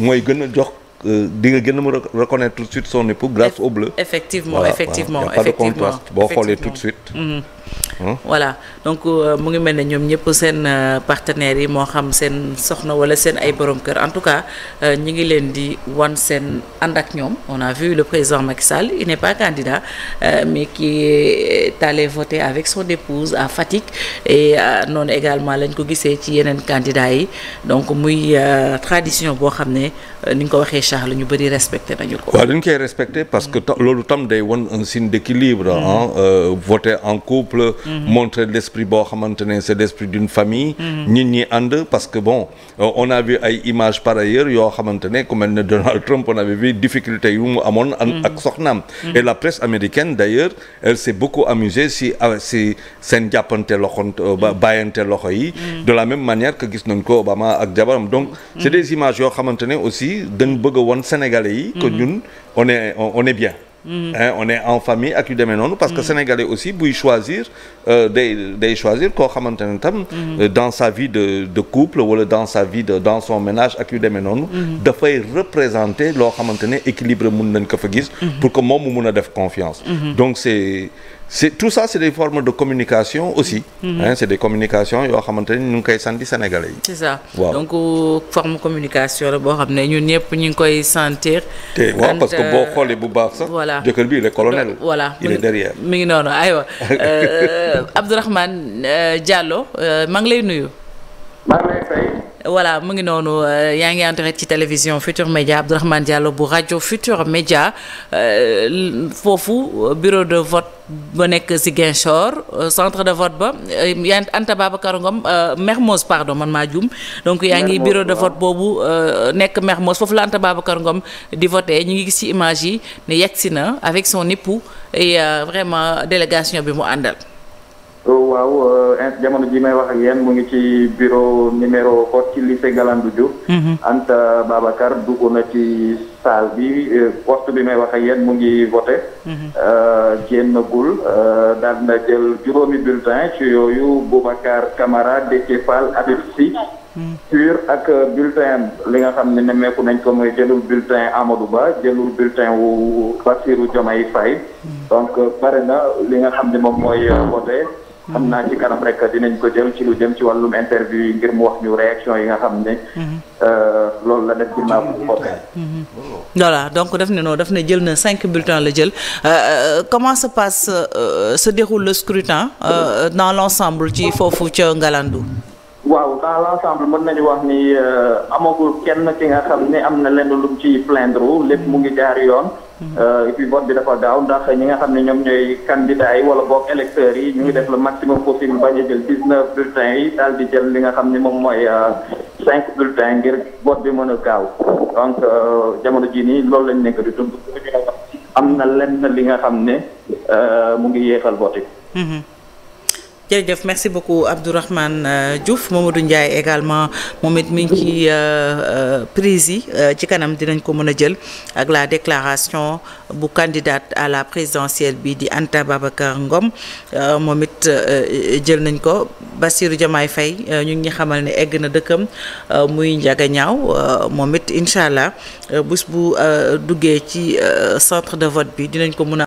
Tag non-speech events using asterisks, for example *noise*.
mooy gën a jox euh, di nga gën a mën a reconnaître tout de suite son époux grâce au bleu. effectivement effectivement effectivement boo xoolee tout de suite. Mm-hmm. voilà donc euh, mu ngi mel ne ñoom ñëpp seen euh, partenaire yi moo xam seen soxna wala seen ay borom kër en tout cas euh, ñi ngi leen di wan seen ànd ak ñoom on a vu le président Macky Sall il n'est pas candidat mais qui est allé voter avec son épouse à Fatick et noonu également lañ ko gisee ci yeneen candidats yi donc muy tradition boo xam ne ni ñu ko waxee Charles ñu bëri respecté nañu ko. waaw dañ koy respecter parce que loolu tam day wan un signe d'équilibre. Mm. voter en couple. Mhm. montrer l'esprit boo xamante ne c'est l'esprit d'une famille mhm. nit ñi ànd parce que bon euh, on a vu ay images par ailleurs yoo xamante ne ku mel ne Donald Trump on avait vu difficulté yu amoon ak mhm. soxnaam et la presse américaine d'ailleurs elle s'est beaucoup amusée si ah, si seen jàppante loxo euh, bàyyante loxo yi de la même manière que gis nañ ko Obama ak jabaram donc c'est des images yoo xamante ne aussi dañ bëgg a won Sénégalais yi que ñun on on est bien Mhm. on est en famille ak yu demee noonu parce que mhm. sénégalais aussi buy choisir euh, day day choisir koo xamante ne tam mhm. euh, dans sa vie de de couple wala dans sa vie de dans son ménage ak yu demee noonu dafay représenter loo xamante ne équilibre mun nañ ko fa gis pour que moom mu mun a def confiance donc c'est c'est tout ça c'est des formes de communication aussi. Mhm. Hein, c'est des communications yoo xamante ni ñu ngi koy santi sénégalais yi. c'est ça waaw donc euh, forme communication la boo xam ne ñun ñëpp ñu koy sentir. te waaw parce que boo euh, xoolee bu baax sax. voilà jëkkër bi il est colonel. voilà il derrière. mi ngi noonu aywa *laughs* euh, Abdourahmane Diallo maa ngi lay nuyu. maa voilà mu ngi noonu euh, yaa ngi en ci télévision Futur Média Abdourahmane Diallo bu rajo Futur Média euh, foofu euh, bureau de vote ba nekk Ziguinchor centre de vote ba yaa Anta Babacar Ngom Mermoz pardon man maa juum donc yaa ngi bureau de vote boobu nekk Mermoz foofu la Anta Babacar Ngom di voté ñu ngi gis ci image yi ne yegsi na avec son époux et vraiment délégation bi mu àndal waaw euh, jamono ji may wax ak yéen mu ngi ci bureau numéro 4 ci lycée Galandou Diouf. Mhm. Anta Babacar dugg na ci salle bi euh, poste bi may wax ak yéen mu ngi voté. Mhm. Euh, génnagul daal na jël juróomi bulletin ci yooyu Boubacar Camara Déthié Fall Habib mhm. ak bulletin li nga xam ne nemmeeku nañ ko mooy jëlul bulletin Amadou Ba jëlul bulletin wu Bassirou Diomaye Faye donc pare na li nga xam ne moom mooy voté. xam naa ci kanam rek dinañ ko jël ci lu jëm ci wàllum interview yi ngir mu wax ñu réaction yi nga xam ne. Mhm. Euh, loolu la def ginnaaw bu bokkee. voilà donc def ne noonu daf ne jël na cinq bulletins la jël euh, euh, comment se passe se déroule le scrutin dans l'ensemble ci foofu ca Ngalandou. waaw dans l' ensemble mën nañu wax ni euh, amagul kenn ki nga xam ne am na lenn lu ci plaindre lépp mu ngi jaar yoon. Mhm. Euh, et puis vote bi dafa gaaw ndax ñi nga xam ne ñoom ñooy candidats yi wala boog électeurs yi ñu ngi def le maximum possible bañ a jël dix neuf bulletins yi daal di jël li nga xam ne moom mooy euh, cinq bulletins ngir boot bi mën a gaaw donc jamono jii nii loolu lañ nekk di dund am na lenn li nga xam ne mu ngi yéexal vote jërëjëf merci beaucoup Abdourahmane euh, Diouf Mamadou Ndiaye également moom it mi ngi ci euh, euh, prise yi ci kanam dinañ ko mën a jël ak la déclaration bu candidate à la présidentielle bi di Anta Babacar Ngom moom it jël nañ ko Bassirou jamaay Faye ñu ngi xamal ne egg na dëkkam muy njaga ñaaw moom it incha allah bés bu duggee ci centre de vote bi dinañ ko mën